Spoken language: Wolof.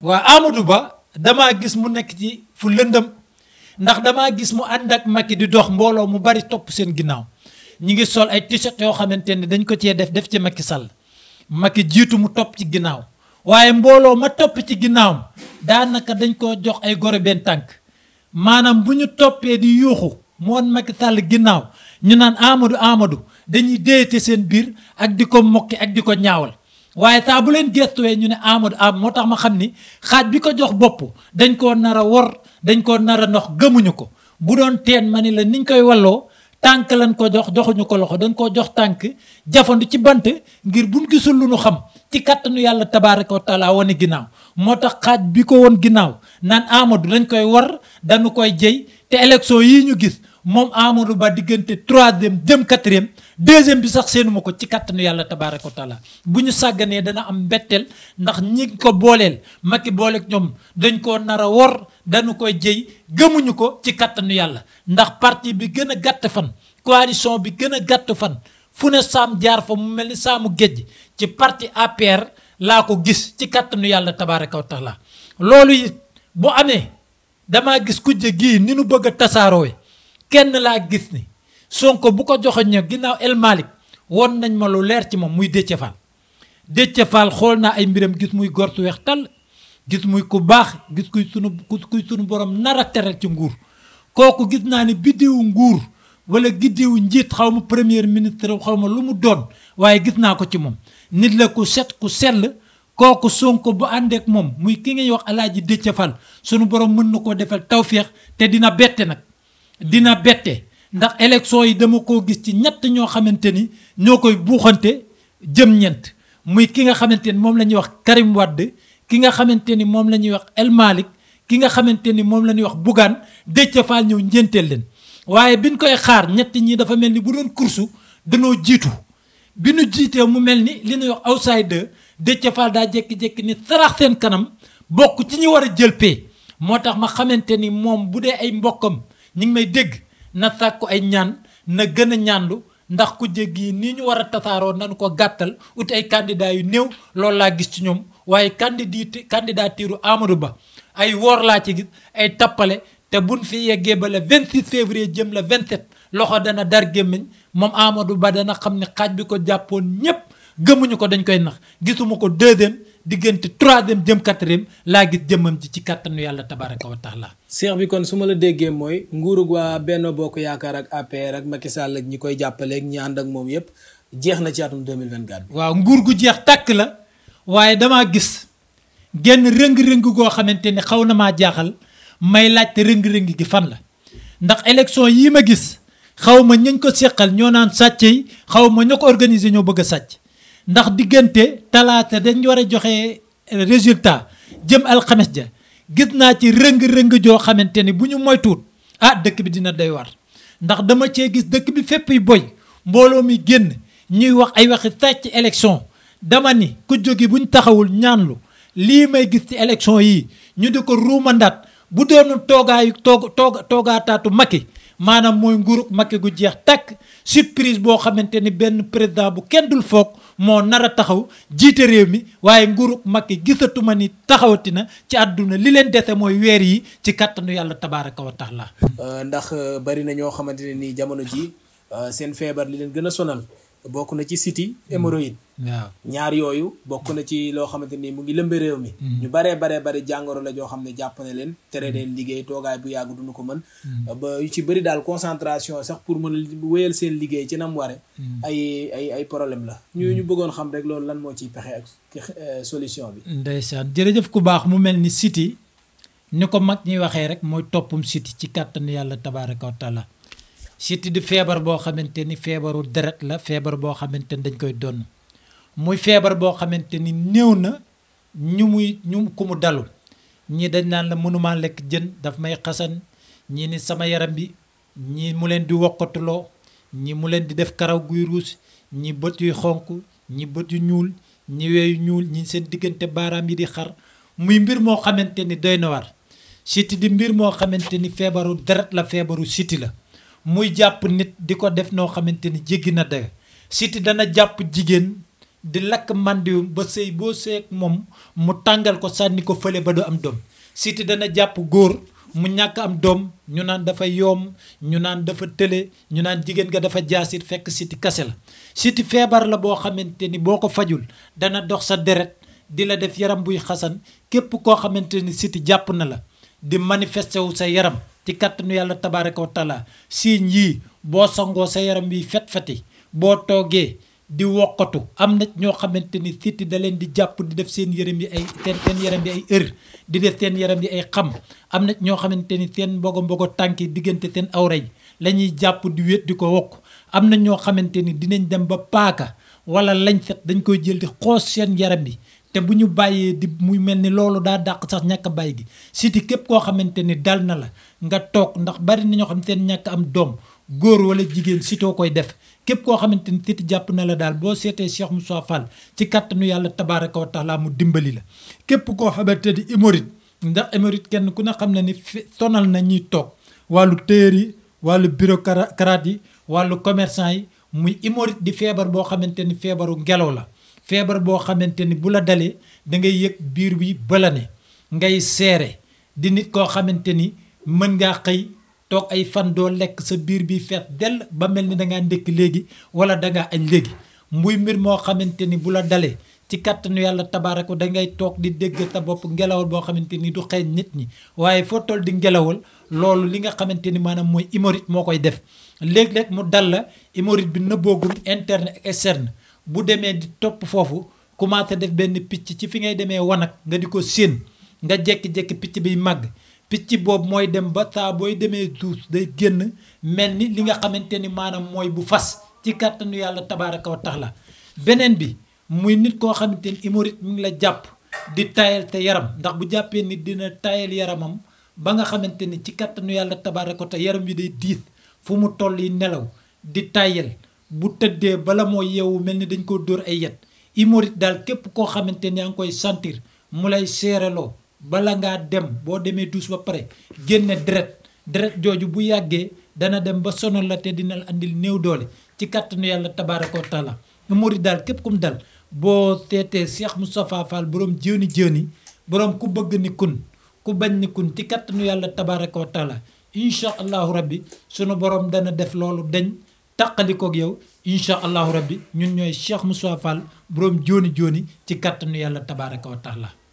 waa Amadou Ba damaa gis mu nekk ci fu lëndëm ndax damaa gis mu ànd ak Macky di dox mbooloo mu bari topp seen ginnaaw ñi ngi sol ay t-shirt yoo xamante ne dañ ko cee def def ci Macky Sall Macky jiitu mu topp ci ginnaaw waaye mbooloo ma topp ci ginnaawam daanaka dañ ko jox ay goro benn tànk maanaam bu ñu toppee di yuuxu moon Macky Sall ginnaaw ñu naan Amadou Amadou dañuy déyate seen biir ak di ko mokki ak di ko ñaawal waaye saa bu leen gestuwee ñu ne Amadou Am moo tax ma xam ni xaaj bi ko jox bopp dañ koo nar a wor dañ koo nar a nox gëmuñu ko bu doon teen ma ni la niñ koy walloo tànk lañ ko jox joxuñu ko loxo dañ koo jox tànk jafandu ci bant ngir bu gisul lu nu xam ci kàttanu yàlla tabaaraka wa taala wane ginnaaw moo tax xaaj bi ko woon ginnaaw naan Amadou dañ koy war dañu koy jëy te élection yi ñu gis moom Amadou Ba diggante troisième dem quatrième deuxième bi sax seenu ko ci kàttanu yàlla tabaaraka wa taala bu ñu sàgganee dana am mbetteel ndax ñi ko booleel Macky booleek ñoom dañ koo nara a wor dañu koy jëy gëmuñu ko ci kàttanu yàlla ndax partie bi gën a gàtt fan coalition bi gën a gàtt fan fu ne saam jaar fa mu mel ni saamu géej ci partie APR laa ko gis ci kàttanu yàlla tabaaraka wa taala loolu it bu amee damaa gis kujje gii ni nu bëgg a tasaaroo kenn laa gis ni Sonko bu ko joxoñ ña ginnaaw El woon nañ ma lu leer ci moom muy Déthié Fall Déthié xool naa ay mbiram gis muy gortu weex tàll gis muy ku baax gis kuy sunu kuy sunu borom nara a ci nguur kooku gis naa ni biddiwu nguur wala giddiwu njiit xaw ma premier ministre xaw ma lu mu doon waaye gis naa ko ci moom nit la ku set ku sell kooku Sonko bu àndeek moom muy ki ngay wax alaaji Déthié Fall sunu borom mën na koo defal tawféex te dina bette nag dina bette ndax élection yi dama ko gis ci ñett ñoo xamante ni ñoo koy buuxante jëm ñent muy ki nga xamante ni moom la ñuy wax Karim Wade ki nga xamante ni moom la ñuy wax El Malick ki nga xamante ni moom la ñuy wax Bougane Déthié Fall ñëw njënteel leen waaye biñ koy xaar ñett ñi dafa mel ni bu doon kursu danoo jiitu bi nu jiitee mu mel ni li ñuy wax outsider Déthié Fall daa jékki-jékki ni sarax seen kanam bokk ci ñu war a jëlpee moo tax ma xamante ni moom bu dee ay mbokkam ñi ngi may dégg na sàkku ay ñaan na gën a ñaanlu ndax ku jéggi nii ñu war a tasaaroo nañu ko gàttal ut ay candidat yu néew loolu laa gis ci ñoom waaye candidati candidature Amadou Ba ay woor laa ci gis ay tappale te buñ fi yeggee ba le 26 février jëm le 27 loxo dana dar gémmiñ moom Amadou Ba dana xam ne xaaj bi ko jàppoon ñépp gëmuñu ko dañ koy nax gisuma ko deuxième diggante troisième jëm quatrième laa gis jëmmam ji ci kàttanu yàlla tabaraka wa taala seex bi kon su ma la déggee mooy nguurug waa Benno Bokk Yaakaar ak APR ak Macky Sall ñi koy jàppaleeg ñi ànd ak moom yépp jeex na ci atum 2024 waaw nguur gu jeex tàkk la waaye damaa gis genn rëng-rëng goo xamante ne xaw na maa jaaxal may laajte rëng-rëng gi fan la ndax élection yi ma gis xaw ma ñañ ko seqal ñoo naan sàcc xaw ma ña ko organiser ñoo bëgg a sàcc ndax diggante talaata dañ war a joxe résultat jëm alxames ja gis naa ci rëng-rëng joo xamante ni bu ñu moytuwut ah dëkk bi dina day war ndax dama cee gis dëkk bi fépp yi boy mbooloo mi génn ñuy wax ay waxi sàcc élection dama ni ku bu ñu taxawul ñaanlu lii may gis ci élection yi ñu di ko ruumandaat bu doonu toogaayu toog toog toogaataatu maanaam mooy nguurug Macky gu jeex tàkk surprise boo xamante ni benn président bu kenn dul foog moo nar a taxaw jiite réew mi waaye nguurug mag gisatuma ni taxawati na ci àdduna li leen dese mooy weer yi ci kàttanu yàlla tabaaraka wa taala euh, ndax euh, bari na ñoo xamante ne nii jamono ji euh, seen feebar li leen gën a sonal bokk na ci siti hémorroïde waaw ñaar yooyu bokk na ci loo xamante ni mu ngi lëmbe réew mi mm-hmm. ñu baree baree bari jàngoro la joo xam ne jàpp na leen tere leen mm-hmm. liggéey toogaay bu yàgg duñu ko mën mm-hmm. ba yu ci bëri daal concentration sax pour mën a wéyal seen liggéey ci nam ware ay ay ay problème la ñu ñu bëggoon xam rek loolu lan moo ciy pexe ak euh, solution bi ndeysaan jërëjëf ku baax mu mel ni siti ni ko mag ñuy waxee rek mooy toppum siti ci kàttanu yàlla tabaaraka wa taala siti di feebar boo xamante ni feebaru deret la feebar boo xamante ni dañ koy donn muy feebar boo xamante ni néew na ñu muy ñu ku mu dalu ñii dañ naan la mënumaa lekk jën daf may xasan ñii ni sama yaram bi ñii mu leen di wokkatuloo ñii mu leen di def karaw guy ruus ñi bët yu xonk ñi bët yu ñuul ñi ñuul ñi seen diggante baaraam yi di xar muy mbir moo xamante ni doy na war siti di mbir moo xamante ni feebaru deret la feebaru siti la muy jàpp nit di ko def noo xamante ni jéggi na dayo siti dana jàpp jigéen di lakk màndiwum ba sëy boo seeg moom mu tàngal ko sànni ko fële ba du am doom siti dana jàpp góor mu ñàkk am doom ñu naan dafa yoom ñu naan dafa tële ñu naan jigéen nga dafa jaasit fekk siti kase la siti feebar la boo xamante ni boo ko fajul dana dox sa deret di la def yaram buy xasan képp koo xamante ni siti jàpp na la di manifesté wu sa yaram ci kàttanu yàlla tabaaraka wa taala siiñ yii boo sangoo sa yaram wi fet feti boo toogee di wokkatu am na ñoo xamante ni siti da leen di jàpp di def seen yaram yi ay seen seen yaram yi ay ër di def seen yaram yi ay xam am na ñoo xamante ni seen mbogo mbogo tànk yi diggante seen aw yi lañuy jàpp di wét di ko wokk am na ñoo xamante ni dinañ dem ba paaka wala lañ set dañ koy jël di xoos seen yaram bi te bu ñu bàyyee di muy mel ni loolu daa dàq sax ñàkk bàyyi gi siti képp koo xamante ni dal na la nga toog ndax bari na ñoo xam seen ñàkk am doom góor wala jigéen sitoo koy def képp koo xamante ni titi jàpp na la daal boo seetee Cheikh Moussa Fall ci kàttanu yàlla tabaaraka wa taala mu dimbali la képp koo xamante ni hémorroïde ndax hémorroïde kenn ku ne xam ne ni na ñuy toog wàllu téer yi wàllu bureaucrate yi wàllu commerçant yi muy hémorroïde di feebar boo xamante ni feebaru ngelaw la feebar boo xamante ni bu la dalee da ngay yëg biir bi bëla ne ngay seere di nit koo xamante ni mën ngaa xëy toog ay fan doo lekk sa biir bi feet dell ba mel ni danga ngaa léegi wala da ngaa léegi muy mbir moo xamante ni bu la dalee ci kàttanu yàlla tabaaraka da ngay toog di dégg sa bopp ngelawal boo xamante ni du xeeñ nit ñi waaye foo toll di ngelawal loolu li nga xamante ni maanaam mooy hémorroïde moo koy def léeg-léeg mu dal la hémorroïde bi nëbboogul interne ak externe bu demee di topp foofu commencé def benn picc ci fi ngay demee wanag nga di ko séen nga jékki picc biy màgg picc boobu mooy dem ba saa booy demee duus day génn mel ni li nga xamante ni maanaam mooy bu fas ci kàttanu yàlla tabaaraka wa taala beneen bi muy nit koo xamante ni hémorroïde ngi la jàpp di tayal te yaram ndax bu jàppee nit dina tayal yaramam ba nga xamante ni ci kàttanu yàlla tabaaraka wa yaram bi day diis fu mu toll yi nelaw di tayel bu tëddee bala mooy yeewu mel ni dañ ko dóor ay yet hémorroïde daal képp koo xamante ni yaa ngi koy sentir mu lay seereloo bala ngaa dem boo demee douche ba pare génne deret deret jooju bu yàggee dana dem ba sonal la te dina la néew doole ci kàttanu yàlla tabaaraka wa taala murid daal képp kum dal boo teetee Cheikh Moustapha Fall borom jëni jëni borom ku bëgg ni kun ku bañ ni kun ci kàttanu yàlla tabaaraka wa taala incha allahu sunu borom dana def loolu dañ taqalikoog yow incha allahu rabbi ñun ñooy Cheikh Moustapha Fall borom joni joni ci kàttanu yàlla tabaaraka wa taala